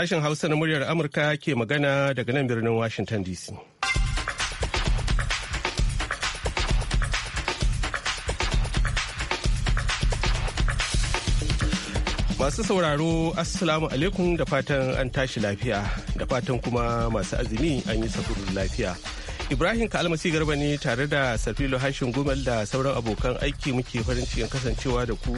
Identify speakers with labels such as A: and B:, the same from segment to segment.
A: Sashen Hausa na muryar Amurka ke magana daga nan birnin Washington DC. Masu sauraro Assalamu alaikum da fatan an tashi lafiya da fatan kuma masu azumi an yi safarin lafiya. Ibrahim Kalmasi Garba ne tare da Safilu Hashin Gumal da sauran abokan aiki muke farin cikin kasancewa da ku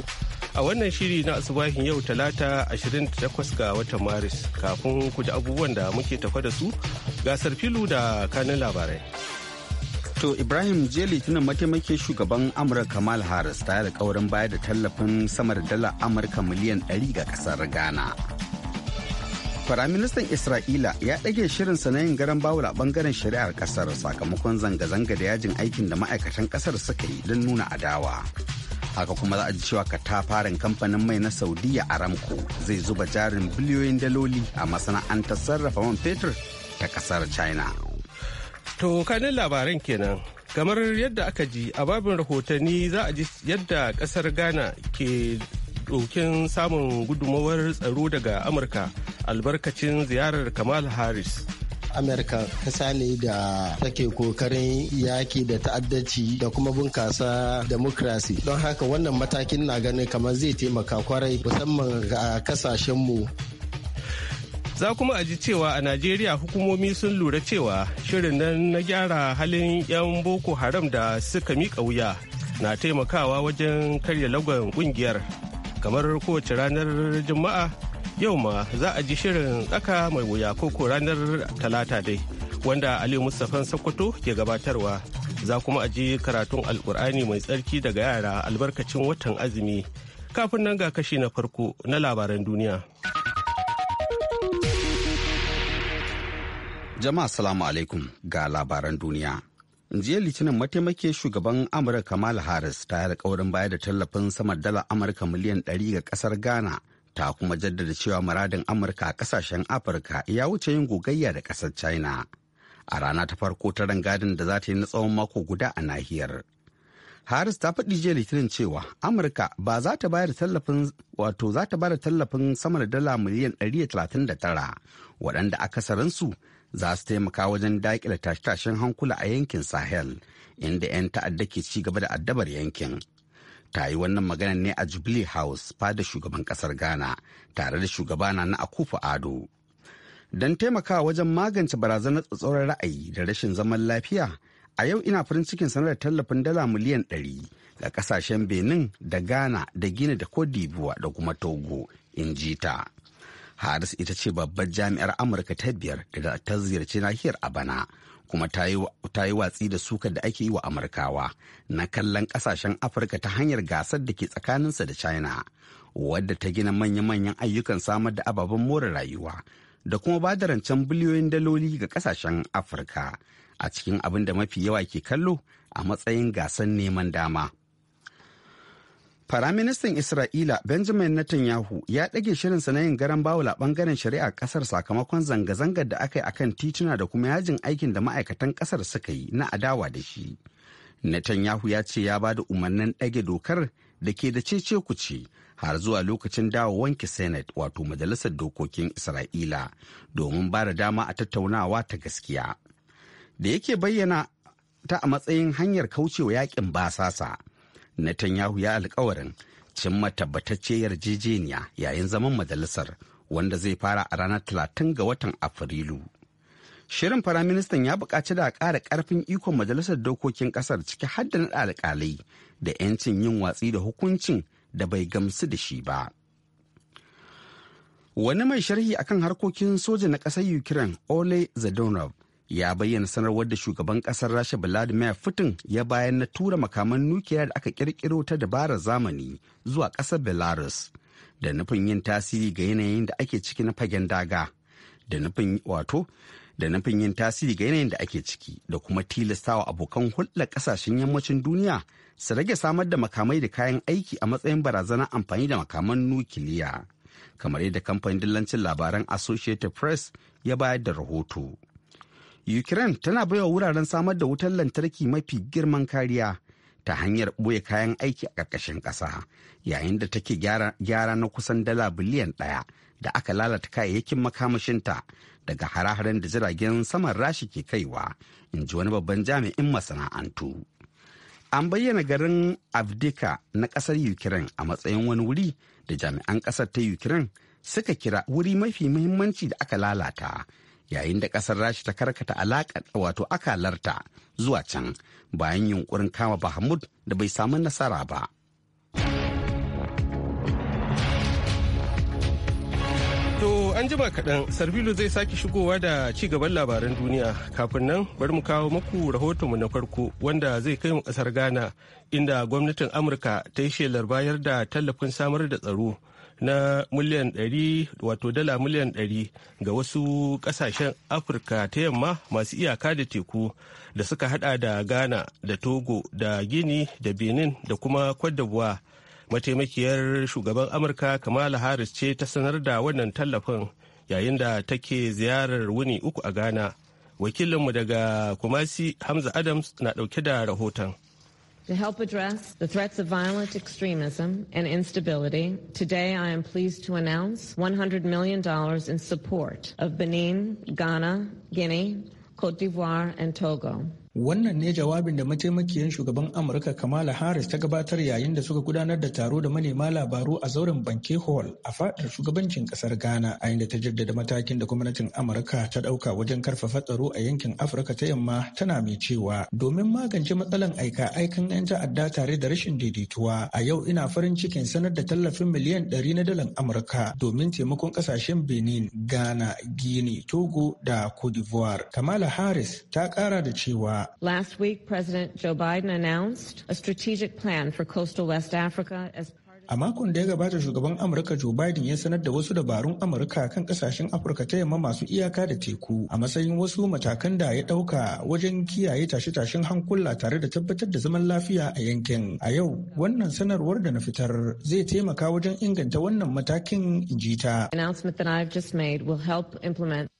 A: a wannan shiri na asubahin yau talata 28 ga watan Maris kafin ku ji abubuwan da muke tafa da su ga Safilo
B: da kanin labarai. To Ibrahim jiya litinin mataimakin shugaban Amurka Kamal Harris ta da kaurin bayar da tallafin samar da dala Amurka miliyan 100 ga kasar Ghana. Firaministan Isra'ila ya ɗage shirin sanayin garan bawul a ɓangaren shari'ar ƙasar sakamakon zanga-zanga da yajin aikin da ma'aikatan ƙasar suka yi don nuna adawa. Haka kuma za a ji cewa katafaren kamfanin mai na Saudiya Aramco zai zuba jarin biliyoyin daloli a masana'antar sarrafa man fetur ta ƙasar China.
A: To kanin labaran kenan. Kamar yadda aka ji a babin rahotanni za a ji yadda ƙasar Ghana ke dokin samun gudunmawar tsaro daga amurka albarkacin ziyarar kamal harris amurka kasa ne da take kokarin yaki da ta'addanci da kuma bunkasa demokrasi don haka wannan matakin na ganin kamar zai taimaka kwarai musamman ga kasashenmu za kuma aji cewa a najeriya hukumomi sun lura cewa shirin nan na gyara halin 'yan boko haram da suka mika wuya na taimakawa wajen karya lagon kungiyar kamar kowace ranar juma'a yau ma za a ji shirin tsaka mai wuya koko ranar talata dai wanda ali mustafan sokoto ke gabatarwa za kuma a ji karatun alkur'ani mai tsarki daga yara albarkacin watan azumi kafin nan ga kashi na farko na labaran
B: duniya jama'a salamu alaikum ga labaran duniya jiya litinin mataimake shugaban amurka kamala harris ta yi alkawarin bayar da tallafin sama dala amurka miliyan 100 ga kasar ghana ta kuma jaddada cewa muradin amurka a kasashen afirka ya wuce yin gogayya da kasar china a rana ta farko ta rangadin da za ta yi na tsawon mako guda a nahiyar harris ta faɗi jiya litinin cewa amurka ba za ta bayar tallafin wato za ta bayar tallafin sama da dala miliyan 139 waɗanda akasarinsu su za su taimaka wajen daƙile tashe-tashen hankula a yankin sahel inda 'yan ta'adda ke ci gaba da addabar yankin ta yi wannan magana ne a jubilee house fada shugaban kasar ghana tare da shugaba na akufu ado don taimakawa wajen magance barazanar tsatsauran ra'ayi da rashin zaman lafiya a yau ina farin cikin sanar da tallafin dala miliyan ɗari ga kasashen benin da ghana da gina da cote da kuma togo in ji ta Harris ita ce babbar jami'ar Amurka ta biyar da ta ziyarci nahiyar a bana kuma ta yi watsi da sukar da ake yi wa Amurkawa na kallon kasashen Afirka ta hanyar gasar da ke tsakaninsa da China wadda ta gina manya-manyan ayyukan samar da ababen more rayuwa da kuma ba da rancen biliyoyin daloli ga kasashen Afirka a cikin abin da mafi yawa ke kallo a matsayin gasar neman dama. Faraministan Isra'ila Benjamin Netanyahu ya ɗage shirinsa na yin garan bawul a ɓangaren shari'a ƙasar sakamakon zanga-zangar da aka yi akan tituna da kuma yajin aikin da ma'aikatan ƙasar suka yi na adawa da shi. Netanyahu ya ce ya ba da umarnin ɗage dokar da ke da cece kuce har zuwa lokacin wanke Senate wato Majalisar Dokokin Isra'ila domin ba da dama a tattaunawa ta gaskiya. Da yake bayyana ta a matsayin hanyar kaucewa yakin basasa. Netanyahu ya alkawarin cimma tabbatacciyar yarjejeniya yayin zaman majalisar wanda zai fara a ranar talatin ga watan Afrilu. Shirin Firaministan ya buƙaci da a ƙara ƙarfin ikon Majalisar Dokokin ƙasar ciki har da naɗa alƙalai da 'yancin yin watsi da hukuncin da bai gamsu da shi ba. Wani mai sharhi akan harkokin soja na ƙasar Ukraine Ole Zadonov ya bayyana sanarwar da shugaban kasar rasha vladimir putin ya bayan na tura makaman nukiliya da aka kirkiro ta dabarar zamani zuwa kasar belarus da nufin yin tasiri ga yanayin da ake ciki na fagen daga da nufin wato da nufin yin tasiri ga yanayin da ake ciki da kuma tilastawa abokan hulɗar ƙasashen yammacin duniya su rage samar da makamai da kayan aiki a matsayin barazanar amfani da makaman nukiliya kamar yadda kamfanin dillancin labaran associated press ya bayar da rahoto. Ukraine tana baiwa wuraren samar da wutar lantarki mafi girman kariya ta hanyar ɓoye kayan aiki a ƙarƙashin ƙasa yayin da take gyara na kusan dala biliyan ɗaya da aka lalata kayayyakin makamashinta daga hare-haren da jiragen saman rashi ke kaiwa in ji wani babban jami'in masana'antu. An bayyana garin Avdika na ƙasar Ukraine a matsayin wani wuri da jami'an ƙasar ta Ukraine suka kira wuri mafi muhimmanci da aka lalata yayin da kasar rashi ta karkata alaƙa wato akalarta zuwa can bayan yunkurin kama bahmud da bai samu nasara ba.
A: To an jima kaɗan Sarfilo zai sake shigowa da ci gaban labaran duniya kafin nan bari mu kawo muku rahotonmu na farko wanda zai kai mu ƙasar Ghana inda gwamnatin Amurka ta yi shelar bayar da tallafin samar da tsaro na miliyan 100 wato dala miliyan ɗari ga wasu ƙasashen afirka ta yamma masu iyaka da teku da suka hada da ghana da togo da gini da benin da kuma kwadabuwa mataimakiyar shugaban amurka kamala harris ce ta sanar da wannan tallafin yayin da take ziyarar wuni uku a ghana wakilinmu daga kumasi hamza adams na dauke da rahoton
B: To help address the threats of violent extremism and instability, today I am pleased to announce $100 million in support of Benin, Ghana, Guinea, Cote d'Ivoire, and Togo.
C: Wannan ne jawabin da mataimakiyar shugaban Amurka Kamala Harris ta gabatar yayin da suka gudanar da taro da manema labaru a zauren Banke Hall a fadar shugabancin kasar Ghana a inda ta jaddada matakin da gwamnatin Amurka ta dauka wajen karfafa tsaro a yankin Afirka ta yamma tana mai cewa domin magance matsalan aika aikan 'yan ta'adda tare da rashin daidaituwa a yau ina farin cikin sanar da tallafin miliyan ɗari na dalan Amurka domin taimakon kasashen Benin, Ghana, Guinea, Togo da Cote d'Ivoire. Kamala Harris ta kara da cewa
B: Last week, President Joe Biden announced a strategic plan for coastal West Africa as
C: A makon da ya gabata shugaban Amurka Joe Biden ya sanar da wasu dabarun Amurka kan kasashen Afirka ta yamma masu iyaka da teku a matsayin wasu matakan da ya ɗauka wajen kiyaye tashe-tashen hankula tare da tabbatar da zaman lafiya a yankin. A yau, wannan sanarwar da na fitar zai taimaka wajen inganta wannan matakin injita.
B: Announcement that just made will help implement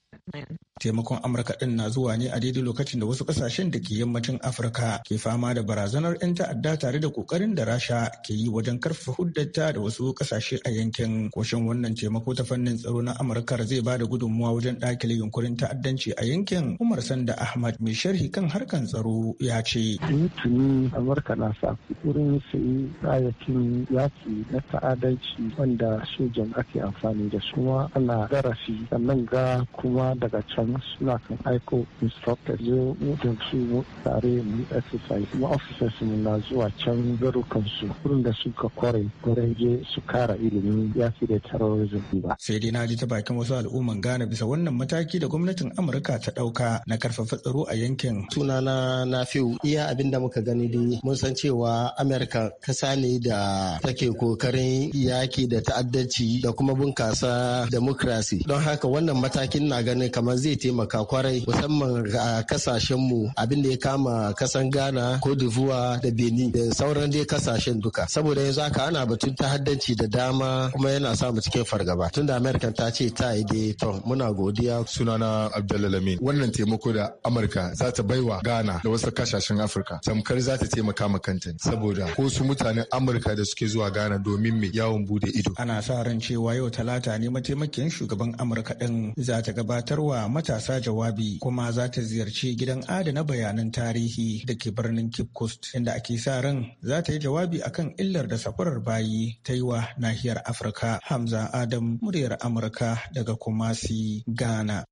C: Taimakon Amurka ɗin na zuwa ne a daidai lokacin da wasu ƙasashen da ke yammacin Afirka ke fama da barazanar 'yan ta'adda tare da ƙoƙarin da Rasha ke yi wajen karfafa huddata da wasu ƙasashe a yankin. Koshin wannan taimako ta fannin tsaro na Amurka zai ba da gudunmuwa wajen dakile yunkurin ta'addanci a yankin. Umar Sanda Ahmad mai sharhi kan harkan tsaro ya ce. Tuni Amurka na sa
D: wurin su yi kayayyakin yaki na ta'addanci wanda sojan ake amfani da su ma ana darasi sannan ga kuma daga can suna kan aiko instructor zo mutum su tare mu exercise kuma officers mu na zuwa can garukan su kurin da suka kware wurin je su kara ilimin fi da terrorism
C: ba. Sai dai na ji ta bakin wasu al'umman Ghana bisa wannan mataki da gwamnatin Amurka ta ɗauka na karfafa
A: tsaro a yankin. Sunana na fiu iya abin da muka gani dai mun san cewa Amurka kasa ne da take kokarin yaki da ta'addanci da kuma bunkasa demokrasi don haka wannan matakin na ganin ne kamar zai taimaka kwarai musamman a mu abin da ya kama kasan ghana ko divuwa da benin da sauran dai
C: kasashen duka saboda yanzu haka ana batun ta haddanci da dama kuma yana sa mu cikin fargaba tun
E: da america ta ce ta yi dai to muna godiya sunana abdullalamin wannan taimako da amurka za ta baiwa ghana da wasu kasashen afirka tamkar za ta taimaka ma kanta saboda ko su mutanen amurka da suke zuwa ghana domin mai yawon bude ido
C: ana sa ran cewa yau talata ne mataimakin shugaban amurka din za ta gabatar wa matasa jawabi kuma za ta ziyarci gidan adana bayanan tarihi da ke birnin Cape Coast inda ake sa ran za ta yi jawabi akan illar da safarar bayi ta yi wa nahiyar Afirka. Hamza Adam muryar
A: Amurka daga Kumasi, Ghana.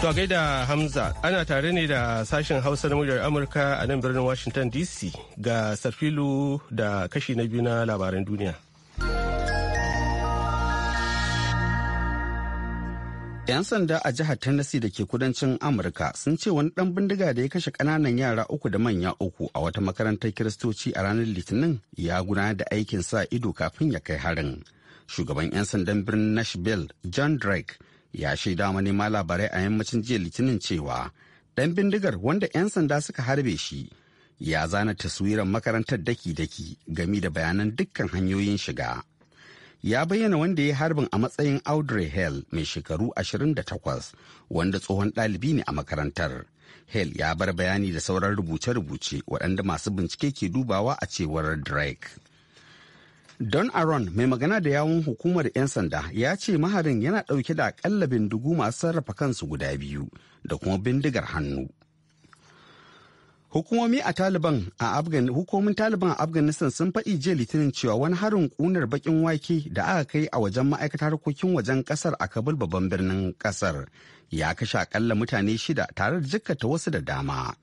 A: To gaida Hamza ana tare ne da sashen Hausa na muryar Amurka a nan birnin Washington DC ga Sarfilu da kashi na biyu na labaran
B: duniya. 'Yan sanda a jihar Tennessee da ke kudancin Amurka sun ce wani ɗan bindiga da ya kashe kananan yara uku da manya uku a wata makarantar Kiristoci a ranar Litinin ya gudanar da aikin sa ido kafin ya kai harin. Shugaban 'yan sandan birnin Nashville, John Drake, ya shaida manema labarai a yammacin jiya Litinin cewa ɗan bindigar wanda 'yan sanda suka harbe shi ya zana taswirar makarantar daki-daki game da bayanan dukkan hanyoyin shiga. ya bayyana wanda ya harbin a matsayin audrey hale mai shekaru 28 wanda tsohon ɗalibi ne a makarantar hale ya bar bayani da sauran rubuce-rubuce waɗanda masu bincike ke dubawa a cewar drake don aron mai magana da yawun hukumar 'yan sanda ya ce maharin yana ɗauke da aƙalla bindigu masu sarrafa kansu guda biyu da kuma bindigar hannu Hukumomi a Taliban a Afghan hukumomin Taliban a Afghanistan sun faɗi jiya Litinin cewa wani harin kunar bakin wake da aka kai a wajen ma'aikatar harkokin wajen kasar a Kabul babban birnin kasar ya kashe akalla mutane shida tare da jikkata wasu da dama.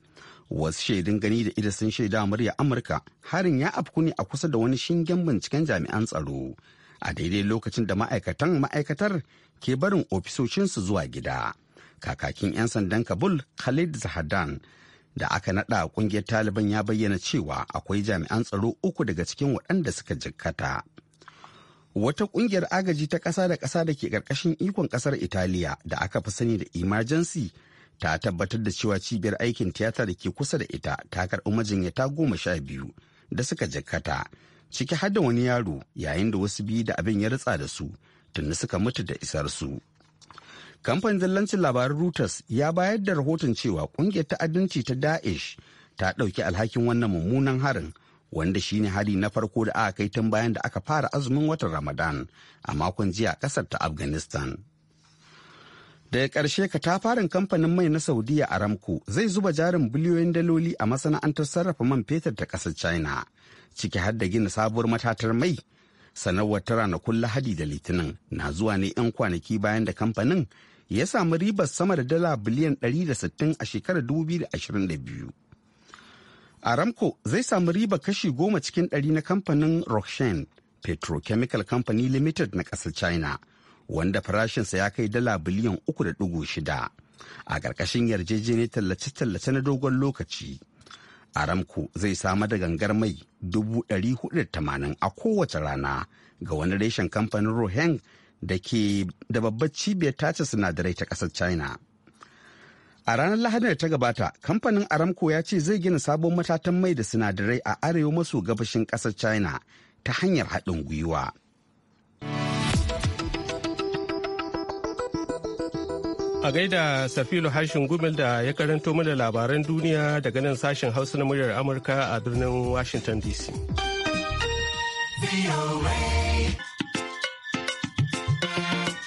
B: Wasu shaidun gani da ida sun shaida murya Amurka harin ya afku ne a kusa da wani shingen binciken jami'an tsaro a daidai lokacin da ma'aikatan ma'aikatar ke barin ofisoshinsu zuwa gida. Kakakin 'yan sandan Kabul Khalid Zahadan da aka naɗa ƙungiyar taliban ya bayyana cewa akwai jami'an tsaro uku daga cikin waɗanda suka jikkata. Wata ƙungiyar agaji ta ƙasa da ƙasa da ke ƙarƙashin ikon ƙasar Italiya da aka fi sani da Emergency ta tabbatar da cewa cibiyar aikin tiyata da ke kusa da ita ta karɓi majinyata goma sha biyu da suka jikkata ciki har wani yaro yayin da wasu biyu da abin ya ritsa da su tunda suka mutu da isar su. Kamfanin zallancin labarin Reuters ya bayar da rahoton cewa kungiyar ta'addanci ta Daesh ta ɗauki alhakin wannan mummunan harin wanda shine hari na farko da aka kai tun bayan da aka fara azumin watan Ramadan a makon jiya ƙasar ta Afghanistan. daga ƙarshe farin kamfanin mai na saudiya aramco zai zuba jarin biliyoyin daloli a masana'antar sarrafa man fetur ta ƙasar china ciki har da gina sabuwar matatar mai sanarwar ta ranakun lahadi da litinin na zuwa ne 'yan kwanaki bayan da kamfanin ya samu ribar sama da dala biliyan 160 a shekarar 2022. Aramco zai samu riba kashi goma cikin ɗari na kamfanin Rokshen Petrochemical Company Limited na ƙasar China, wanda farashinsa ya kai dala biliyan 3.6 a ƙarƙashin yarjejeniyar tallace-tallace na dogon lokaci. Aramco zai samar da gangar mai 480 a kowace rana ga wani reshen kamfanin Roheng da ke da babbar cibiyar tace sinadarai ta ƙasar china a ranar lahadin da ta gabata kamfanin aramco ya ce zai gina sabon matatan mai da sinadarai a arewa maso gabashin ƙasar china ta hanyar haɗin gwiwa
A: a gaida safilu hashin gumel da ya karanto mana labaran duniya daga nan sashen hausa na muryar amurka a birnin washington dc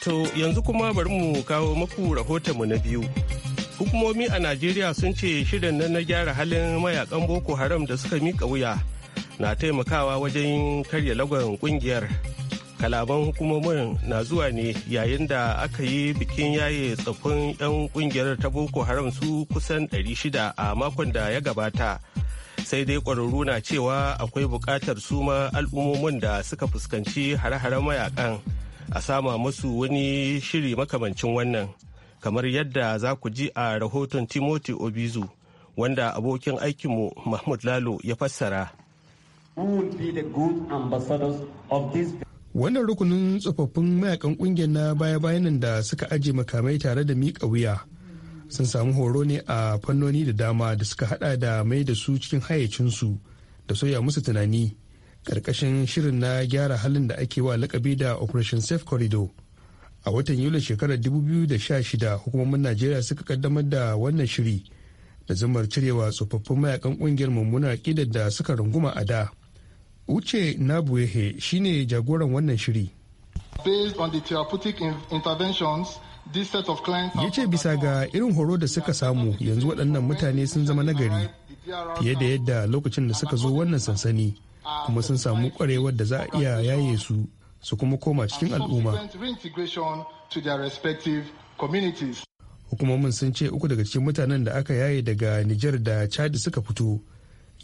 A: To yanzu kuma bari mu kawo muku rahotonmu na biyu. Hukumomi a Najeriya sun ce shirin nan na gyara halin mayakan Boko Haram da suka mika wuya na taimakawa wajen karya lagon kungiyar. Kalaban hukumomin na zuwa ne yayin da aka yi bikin yaye tsaffin 'yan kungiyar ta Boko Haram su kusan 600 a makon da ya gabata. sai dai ƙwararru na cewa akwai buƙatar suma al'ummomin da suka fuskanci hare haren mayakan a sama musu wani shiri makamancin wannan kamar yadda za ku ji a rahoton timoti obizu wanda abokin aikinmu mahmud lalo ya fassara
F: wannan rukunin tsofaffin mayakan kungiyar na baya-bayan da suka aje makamai tare da miƙa wuya sun samu horo ne a fannoni da dama da suka hada da mai da su cikin hayyacinsu da soya musu tunani karkashin shirin na gyara halin da ake wa lakabi da operation safe corridor a watan yuli shekarar 2016 hukumomin najeriya suka kaddamar da wannan shiri da zumar cirewa tsofaffin mayakan kungiyar mummunar aƙidar da suka runguma a da uche nabuehe shine jagoran wannan shiri ya ce bisa ga irin horo da suka samu yanzu waɗannan mutane sun zama nagari
E: fiye da yadda lokacin da suka zo
F: wannan sansani kuma sun samu kwarewar da za a iya yaye su su kuma koma cikin al'umma. Hukumomin sun ce uku daga cikin mutanen da aka yaye daga Nijar da Chad suka fito,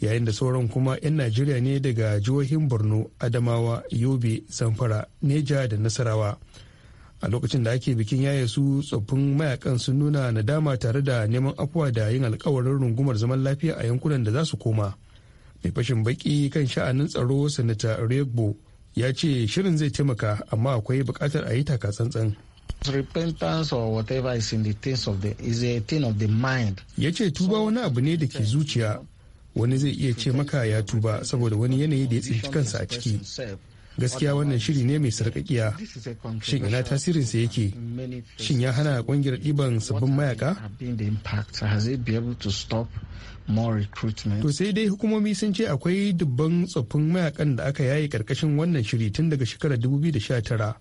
F: yayin da sauran kuma 'yan Najeriya ne daga jihohin Borno, Adamawa, Yobe, Zamfara, Neja da Nasarawa. A lokacin da ake bikin yaye su tsoffin mayakan sun nuna nadama tare da neman afuwa da yin alkawarin rungumar zaman lafiya a yankunan da za su koma. mai fashin baki kan sha'anin tsaro sanata regbo ya ce shirin zai taimaka amma akwai bukatar a yi taka tsantsan in mind ya ce tuba wani abu ne da ke zuciya wani zai iya ce maka ya tuba saboda wani yanayi da ya tsinci kansa a ciki gaskiya wannan shiri ne mai sarkakiya shin ina tasirin sa yake shin ya hana ƙungiyar ɗiban sabbin mayaka to sai dai hukumomi sun ce akwai dubban tsoffin mayakan da aka yaye karkashin wannan shiri tun daga shekarar 2019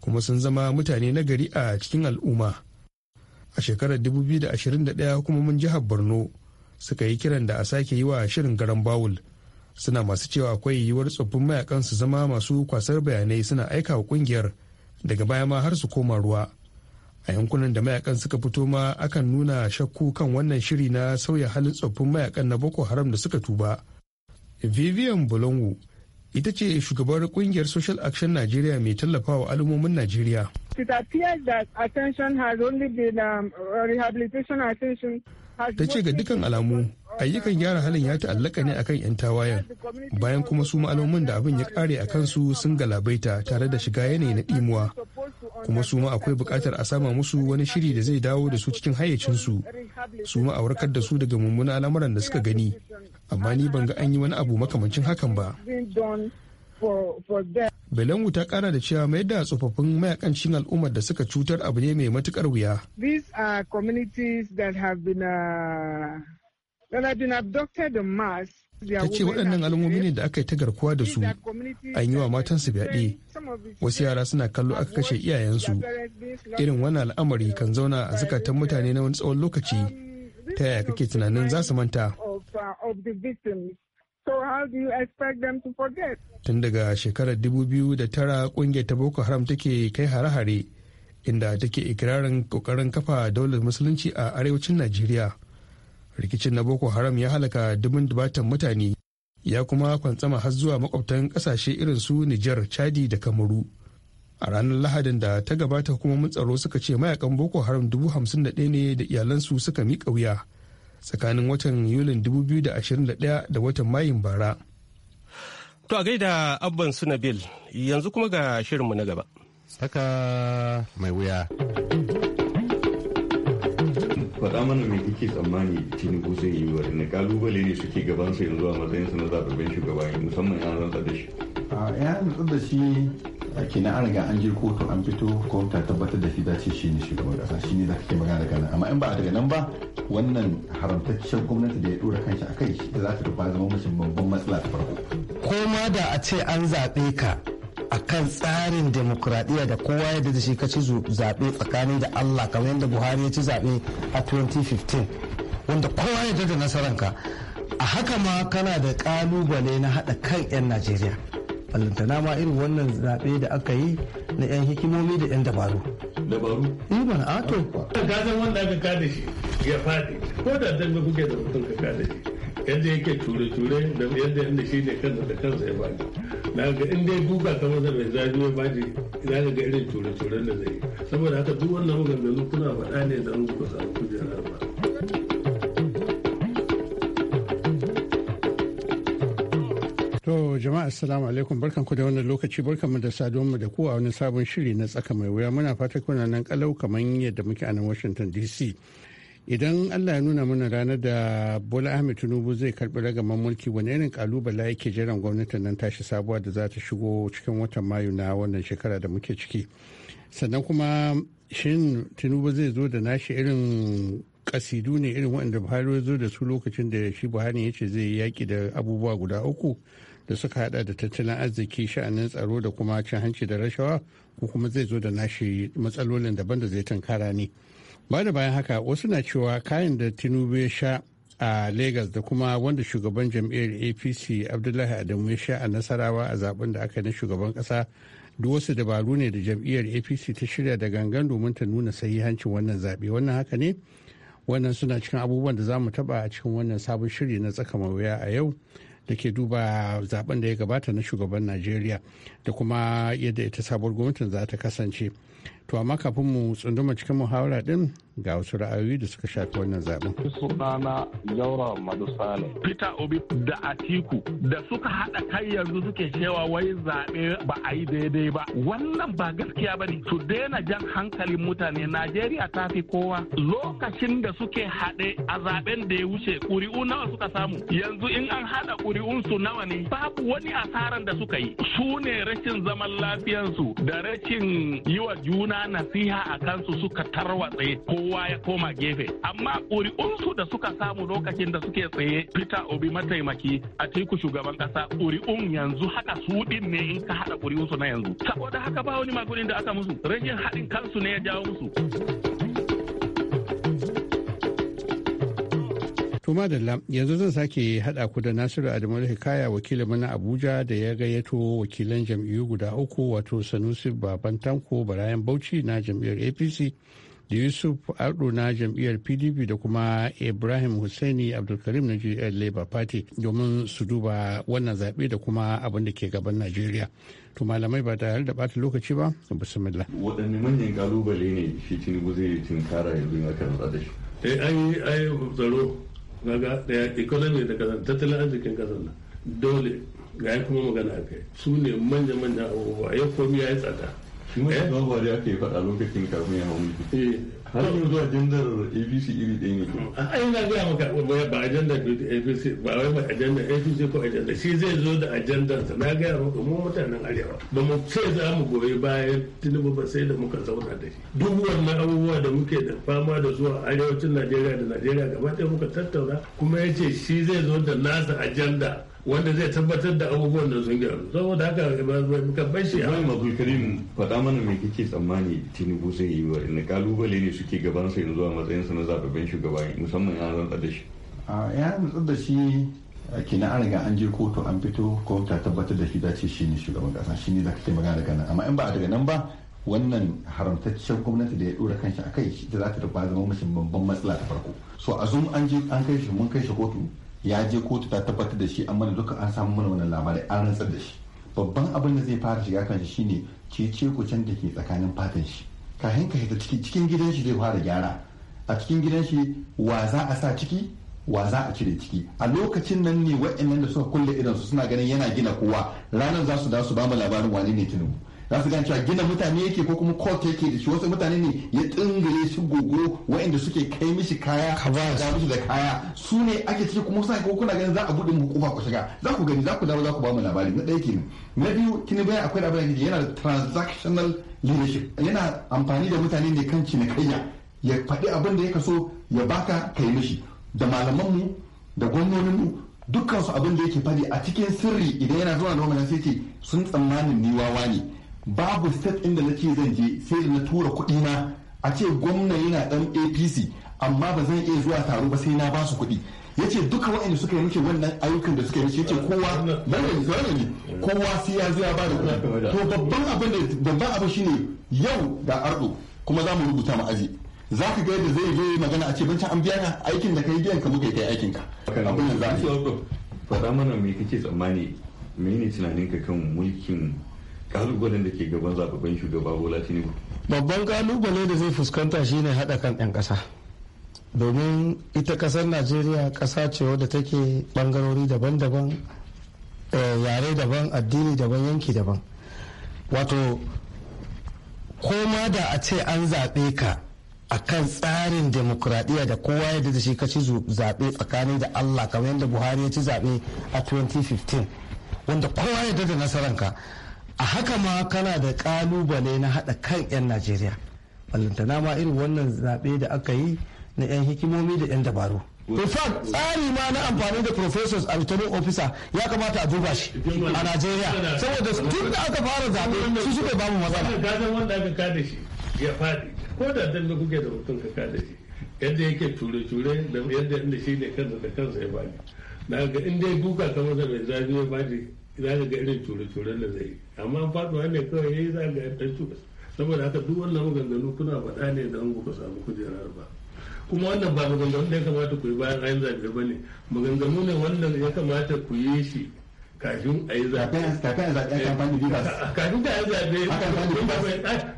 F: kuma sun zama mutane na gari a cikin al'umma a shekarar 2021 hukumomin jihar borno suka yi kiran da a sake yi wa shirin garan bawul suna masu cewa akwai yiwuwar tsoffin mayakan su zama masu kwasar bayanai suna aika wa kungiyar daga baya ma har su koma ruwa a yankunan da mayakan suka fito ma akan nuna shakku kan wannan shiri na sauya halin tsoffin mayakan na boko haram da suka tuba vivian bolongo ita ce shugabar kungiyar social action nigeria mai tallafawa al'ummomin nigeria ta ce ga dukkan alamu ayyukan gyara halin ya ta'allaka ne akan 'yan tawayen bayan kuma su ma'alomin da abin ya kare a kansu sun galabaita tare da shiga yanayi na ɗimuwa kuma su ma akwai bukatar a sama musu wani shiri da zai dawo da su cikin hayyacinsu su ma a warkar da su daga mummunan al'amuran da suka gani amma ni ban ga an yi wani abu makamancin hakan ba Belangu ta kara da cewa mai da tsofaffin mayakan al'ummar da suka cutar abu ne mai matukar wuya.
C: These are communities that have been uh, that have been abducted in mass. Ta ce waɗannan
F: al'ummomi ne da aka yi ta garkuwa da su an yi wa matansu fyaɗe wasu yara suna kallo aka kashe iyayensu irin wannan al'amari kan zauna a zukatan mutane na wani tsawon lokaci um, ta yaya kake tunanin za su manta.
C: So how do you expect them to forget?
F: Tun daga shekarar 2009 kungiyar ta Boko Haram take kai hare-hare inda take ikirarin kokarin kafa daular musulunci a arewacin Najeriya. Rikicin na Boko Haram ya halaka dubin dubatan mutane ya kuma kwantsama har zuwa makwabtan kasashe irin su Nijar, Chadi da Kamaru. A ranar Lahadin da ta gabata hukumomin tsaro suka ce mayakan Boko Haram dubu hamsin da ɗaya ne da iyalansu suka miƙa wuya. tsakanin watan yulin 2021 da watan mayin bara
A: to a gaida abban bil yanzu kuma ga shirinmu na gaba saka mai wuya faɗa mana mai kike tsammani tinubu zai yi wa ne kalubale
G: ne suke gaban sa yanzu a matsayin sa na zaɓaɓɓen shugaba musamman ya rantsar da shi
D: a ya rantsar
E: da shi kenan an riga an je kotu an fito ko ta tabbatar da shi dace shi ne shugaban kasa shi ne ka ke magana daga nan amma in ba daga nan ba wannan haramtaccen gwamnati da ya dora kanshi akai shi da za ta ba zama mace babban matsala ta farko
C: ko ma da a ce an zaɓe ka a kan tsarin demokuraɗiyya da kowa yadda da shi ka ci zaɓe tsakanin da Allah kamar yadda Buhari ya ci zaɓe a 2015 wanda kowa yadda da nasaranka a haka ma kana da ƙalubale na haɗa kan 'yan Najeriya ballantana ma irin wannan zaɓe da aka yi na 'yan hikimomi da 'yan dabaru dabaru iban eh, ato
H: ka san wanda aka kada shi ya faɗi ko da dan da kuke da mutum ka kada shi yadda yake ture-ture da yadda yadda shi ne kansa da kansa ya faɗi na ga in dai duka kamar sa mai zafi ya faɗi za ga irin ture-turen da zai yi saboda haka duk wannan maganganu kuna faɗa ne don ku samu
D: jama'a assalamu alaikum ku da wannan lokaci mu da mu da kuwa wani sabon shiri na tsaka mai wuya muna fata kuna nan kalau kamar yadda muke a nan Washington DC. Idan Allah ya nuna mana ranar da Bola Ahmed Tinubu zai karbi ragaman mulki wani irin kalubala yake jiran gwamnatin nan tashi sabuwa da za ta shigo cikin watan Mayu na wannan shekara da muke ciki. Sannan kuma shin Tinubu zai zo da nashi irin kasidu ne irin waɗanda Buhari ya zo da su lokacin da shi Buhari ya ce zai yaƙi da abubuwa guda uku. da suka hada da tattalin arziki sha'anin tsaro da kuma cin hanci da rashawa ko kuma zai zo da nashi matsalolin daban da zai tunkara ne ba da bayan haka wasu na cewa kayan da tinubu ya sha a lagos da kuma wanda shugaban jam'iyyar apc abdullahi adamu ya sha a nasarawa a zaben da aka yi na shugaban kasa duk wasu dabaru ne da jam'iyyar apc ta shirya da gangan domin ta nuna sahihancin wannan zaɓe wannan haka ne wannan suna cikin abubuwan da za mu taɓa a cikin wannan sabon shiri na tsaka mawuya a yau da ke duba zaben da ya gabata na shugaban najeriya da kuma yadda ita sabuwar gwamnatin za ta kasance to amma kafin mu tsunduma cikin muhawara din ga wasu ra'ayoyi da suka shafi wannan zaɓen. sunana Jaura Madusale.
H: Peter Obi da Atiku da suka haɗa kai yanzu suke cewa wai zaɓe ba a yi daidai ba. Wannan ba gaskiya ba ne. Su daina jan hankalin mutane Najeriya ta fi kowa. Lokacin da suke haɗe a zaɓen da ya wuce ƙuri'u nawa suka samu. Yanzu in an haɗa ƙuri'un nawa ne babu wani asaran da suka yi. Su ne rashin zaman lafiyansu da rashin yi wa juna nasiha a kansu suka tarwatse ko kowa ya koma gefe amma ƙuri'unsu da suka samu lokacin da suke tsaye peter obi mataimaki a teku shugaban ƙasa ƙuri'un yanzu haka su ɗin ne in ka haɗa ƙuri'unsu na yanzu saboda haka ba wani magunin da aka musu rashin haɗin kansu ne ya jawo musu.
D: To madalla yanzu zan sake haɗa ku da Nasiru Adamu Hikaya wakilin mana Abuja da ya gayyato wakilan jam'iyyu guda uku wato Sanusi Baban Tanko Barayan Bauchi na jam'iyyar APC da yusuf ardo na jam'iyyar pdp da kuma ibrahim hussaini abdulkarim na jam'iyyar labour party domin su duba wannan zaɓe da kuma abin da ke gaban najeriya to malamai ba tare da bata lokaci ba bismillah
G: waɗanne manyan kalubale ne shi tinubu zai tunkara yanzu ya kan da shi eh ai ai tsaro kaga da economy
H: da kasar tattalin arzikin kasar nan dole ga kuma magana akai su ne manya-manyan
G: abubuwa ya komi ya yi tsada shi eh? mai shiga ba da aka yi faɗa lokacin kafin ya hau mulki eh, har yanzu ajandar apc iri ɗaya ne a ina gaya maka ba ajandar apc
H: ba wai ba ajandar apc ko ajandar shi zai zo da ajandar sa na gaya maka mu mutanen arewa ba mu ce za mu goyi bayan tinubu ba sai da muka zauna da shi duk wannan abubuwa da muke da fama da zuwa arewacin najeriya da najeriya gaba ɗaya muka tattauna kuma ya ce shi zai zo da nasa ajanda wanda zai tabbatar da abubuwan da sun gyaru saboda haka ka kabbai
G: shi amma masu karim faɗa mana me kake tsammani tinubu zai yi wa inda kalubale ne suke gabansa yanzu a matsayinsa na zababen shugaba musamman ya rantsar da shi
E: ya rantsar da shi kina an riga an je kotu an fito ko ta tabbatar da shi dace shi ne shugaban kasa shi ne zaka ce magana daga nan amma in ba daga nan ba wannan haramtaccen gwamnati da ya dora kanshi akai ita za ta zama musu babban matsala ta farko so a zum an je an kai shi mun kai shi kotu ya je kotu ta tabbatar da shi amma da duka an samu mana wannan labarai an rantsar da shi babban abin da zai fara shiga kan shi shine cece can da ke tsakanin fatan shi kayan ka hita ciki cikin gidan shi zai fara gyara a cikin gidan shi wa za a sa ciki wa za a cire ciki a lokacin nan ne wa'annan da suka kulle idan su suna ganin yana gina kowa ranar za su da su ba mu labarin wani ne tunubu za su gane cewa gina mutane yake ko kuma court yake da shi wasu mutane ne ya tsingare su gogo waɗanda suke kai mishi kaya ga mishi da kaya su ne ake ciki kuma sai ko kuna ganin za a buɗe mu kofa ku shiga za ku gani za ku dawo za ku ba mu labari na ɗaya kenan na biyu kini bayan akwai labarin da yana da transactional leadership yana amfani da mutane ne kan cinikayya ya faɗi abin da ya kaso ya baka kai mishi da malamanmu da gwamnoninmu dukkan su abin da yake faɗi a cikin sirri idan yana zuwa da wani sai ce sun tsammanin ni wawa ne babu state inda na zan je sai na tura kuɗi na a ce gwamna yana dan apc amma ba zan iya zuwa taro ba sai na ba su kuɗi ya ce duka waɗanda suka yi muke wannan ayyukan da suka yi ya ce kowa ne kowa sai ya zuwa ba da kuɗi to babban abin da babban abin shine yau da ardo kuma za mu rubuta ma'aji za ka ga yadda zai zo yi magana a ce bancan an biya na aikin da ka yi biyan ka muka kai aikin ka abin da za a
G: yi faɗa mana me kake tsammani menene tunanin ka kan mulkin kalubalen da ke gaban zaɓaɓɓen shugaba bola tinubu babban kalubale da zai fuskanta shine haɗa
C: kan 'yan ƙasa domin ita ƙasar najeriya ƙasa ce wadda take ɓangarori daban-daban eh, yare daban addini daban yanki daban wato koma da a ce an zaɓe ka a kan tsarin demokuraɗiyya da kowa yadda da shi ka ci zaɓe tsakanin da allah kamar yadda buhari ya ci zaɓe a 2015 wanda kowa yadda da nasaranka a haka ma kana da kalubale na haɗa kan 'yan najeriya ballantana ma irin wannan zaɓe da aka yi na 'yan hikimomi da 'yan dabaru in fact tsari ma na amfani da professors a returning officer ya kamata a duba shi a najeriya saboda tun da aka fara
H: zaɓe su suka ba mu matsala gazan wanda aka kada shi ya faɗi ko da dan da kuke da mutum ka kada shi yadda yake ture-ture da yadda inda shi ne kansa da kansa ya faɗi na ga inda ya duka kamar da bai zafi ya faɗi za ka ga irin ture-turen da zai amma faduwa ne kawai ya yi za ga ɗan tuba saboda haka duk wannan maganganu kuna faɗa ne don ku samu kujerar ba kuma wannan ba maganganu ne ya kamata ku yi bayan an zaɓe ba ne maganganu ne wannan ya kamata ku yi shi kafin a yi zaɓe kafin a zaɓe kamfani bibas kafin da a yi zaɓe a kamfani bibas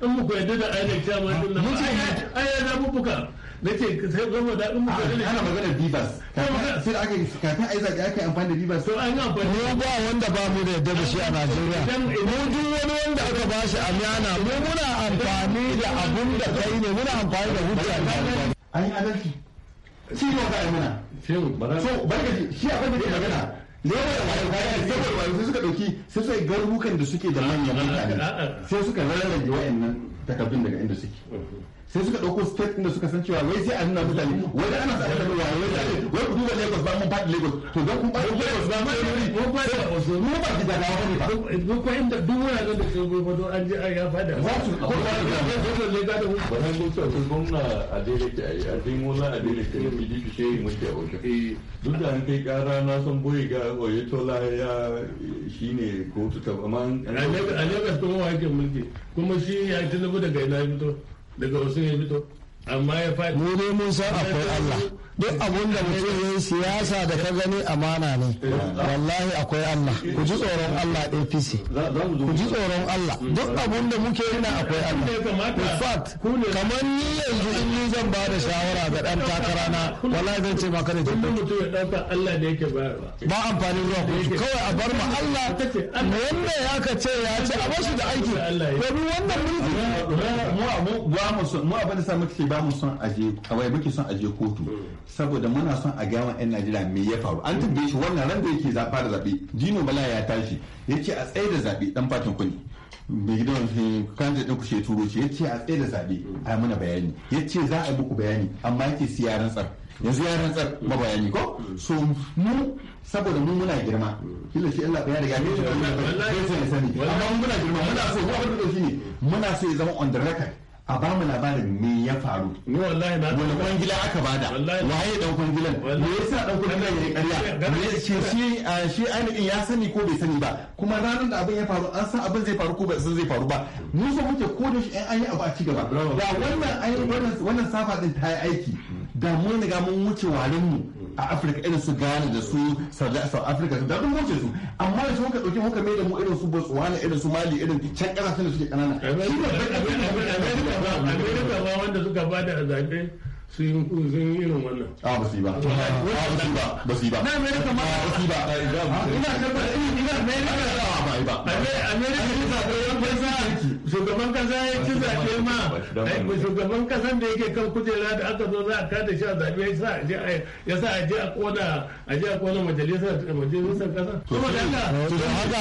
H: an muku yadda da ainihin cewa mun ai
E: ya zaɓuɓɓuka
H: na ce sai zama da ɗin mutane ana magana bibas sai da aka kafin ai zaɓe
E: aka yi amfani da bibas to an yi amfani mu ba wanda ba mu da yadda da shi a Najeriya mu duk wani wanda aka ba shi amana mu muna amfani da abun da kai ne muna amfani da hujja ne an yi adalci shi ne wata amana so barkaci shi abin da ke magana saboda suka ɗauki sai sai garbukan da suke da manyan mutane
H: sai suka rarrage wa'annan
E: takardun daga inda suke sai suka ɗauko state da suka san cewa wai sai a nuna mutane wai da ana sa da ruwa wai da wai ku duba Lagos ba mun faɗi Lagos to don kun faɗi Lagos ba mun faɗi Lagos mun ba ki da ba ne ba ko ko inda duk wuraren da
H: ke gobe don an je a ya faɗa ba su
G: ko ba da Lagos ne ga da ba nan ko ta gwamna a dare ke ai a dai mola a da ke mu ji fice mu ce o ke duk da an kai ƙara na san boye ga Oyetola ya shine kotu ta amma a Lagos
H: kuma wa yake mulki kuma shi ya daga ina fito daga wasu ya fito amma ya faɗi mu ne mun san akwai Allah duk abun da mutum ya yi siyasa da ka gani
F: amana ne wallahi akwai Allah ku ji tsoron Allah APC ku ji tsoron Allah duk abun da muke yi na akwai Allah in fact
H: kamar ni yanzu in ni zan ba da shawara ga dan takara na wallahi zan ce maka da jibin mutum ya dauka Allah ne yake bayarwa
E: ba amfani zuwa kotu
H: kawai a bar ma Allah
E: wanda ya ka ce
H: ya ce a bashi
C: da
E: aiki domin wannan
C: mulki
E: mu abin da sa muke ba mu son aje kawai muke son aje kotu saboda muna son a gaya 'yan Najeriya me ya faru an tambaye shi wannan ran da yake zaɓa da zaɓe Dino Bala ya tashi ya ce a tsaye da zaɓe dan fatan kuni mai gidan kan eh, da ku ce turo ce ya ce a tsaye da zaɓe a yi mana bayani ya ce za a yi muku bayani amma yake siya ya rantsar yanzu ya rantsar ba bayani ko so mu saboda mu muna girma kila shi Allah ya riga ne shi da wannan sani amma mu muna girma muna so ya abin da ne muna so ya zama on the record a ba mu labarin me ya faru ni wallahi na wani kwangila aka bada waye dan kwangilan me yasa dan kwangilan karya me yasa shi shi ainihin ya sani ko bai sani ba kuma ranar da abin ya faru an san abin zai faru ko bai san zai faru ba mu so muke ko da shi an yi abu a gaba da wannan wannan safa din ta yi aiki da mun ga mun wuce warin mu a afirka irin su ghana da su south africa da duk wuce su amma da su muka dauki muka mai da mu irin su botswana irin su mali irin can kasashen da suke kanana amerika ba wanda suka bada a
H: sun yi irin wannan a ba su yi ba ba su yi ba na amerika ma ba su yi ba ina ina amerika ba ba amerika ba shugaban kasa ya ci zaɓe ma shugaban kasan da yake kan kujera da aka zo za a kada shi a zaɓe ya sa a je a kona a je a kona majalisar majalisar kasa kuma da haka haka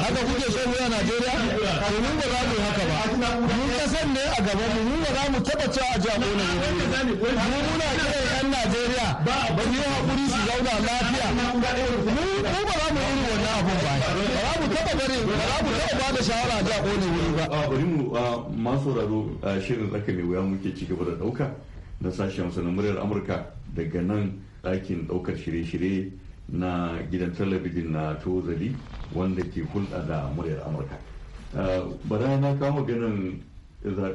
H: haka kuke so mu Najeriya haka kuke so mu Najeriya to mun ba za mu haka ba mun kasan ne a gaban mu mun ba za mu taba cewa a je a kona mu muna kiran yan Najeriya ba a bari hakuri su zauna lafiya mu za
G: ku taɓa ba da shawara a ja ƙone wuri ba. A bari mu masu sauraro shirin tsaka mai wuya muke ci gaba da ɗauka na sashen Hausa muryar Amurka daga nan ɗakin ɗaukar shirye-shirye na gidan talabijin na Tozali wanda ke hulɗa da muryar Amurka. Bara na kawo maganin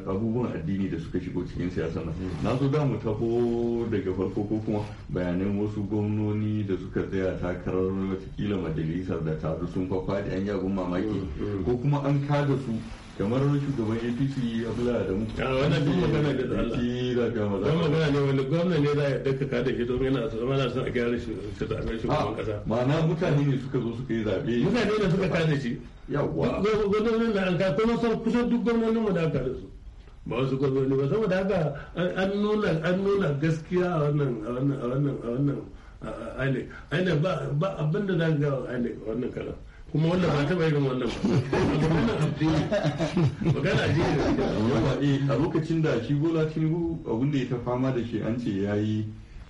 G: abubuwan addini da suka shigo cikin siyasa nan na so da mu tafo daga farko ko kuma bayanan wasu gwamnoni da suka tsaya takarar watakila majalisar da taru sun da an yagun mamaki mm, mm. ko kuma an kada su kamar shugaban apc abdullahi adamu a wannan duk magana
H: da Allah don magana ne wani gwamna ne za a daka ka da shi domin yana zama na son a gyara shi
G: shugaban kasa ma'ana mutane ne suka zo suka yi zabe mutane
H: ne suka kada shi yawwa gwamnonin da an ka kuma son kusan duk gwamnonin mu da aka da su ba wasu gwamnoni ba saboda haka an nuna an nuna gaskiya a wannan a wannan a wannan a wannan ba abinda za ga a wannan kalan kuma wannan ba taɓa irin wannan
G: magana a lokacin da shi bola tinubu abin da ya ta fama da shi an ce ya yi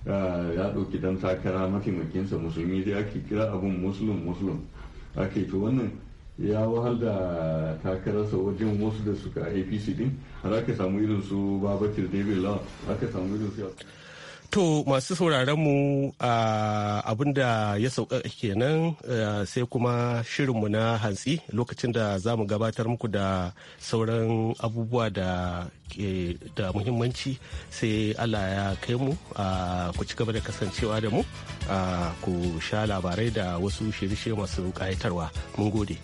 G: ah, ya dauki dan takara mataimakinsa musulmi dai ake kira abun musulun musulun ake to wannan ya wahal da takararsa wajen wasu da suka apc din har aka samu irin su babatir david law aka samu irin su
A: To masu sauraron mu abin da ya sauka kenan sai kuma shirinmu na hantsi lokacin da za mu gabatar muku da sauran abubuwa da muhimmanci sai Allah ya kai mu ku ci gaba da kasancewa da mu ku sha labarai da wasu shirye masu ƙayatarwa. Mun gode.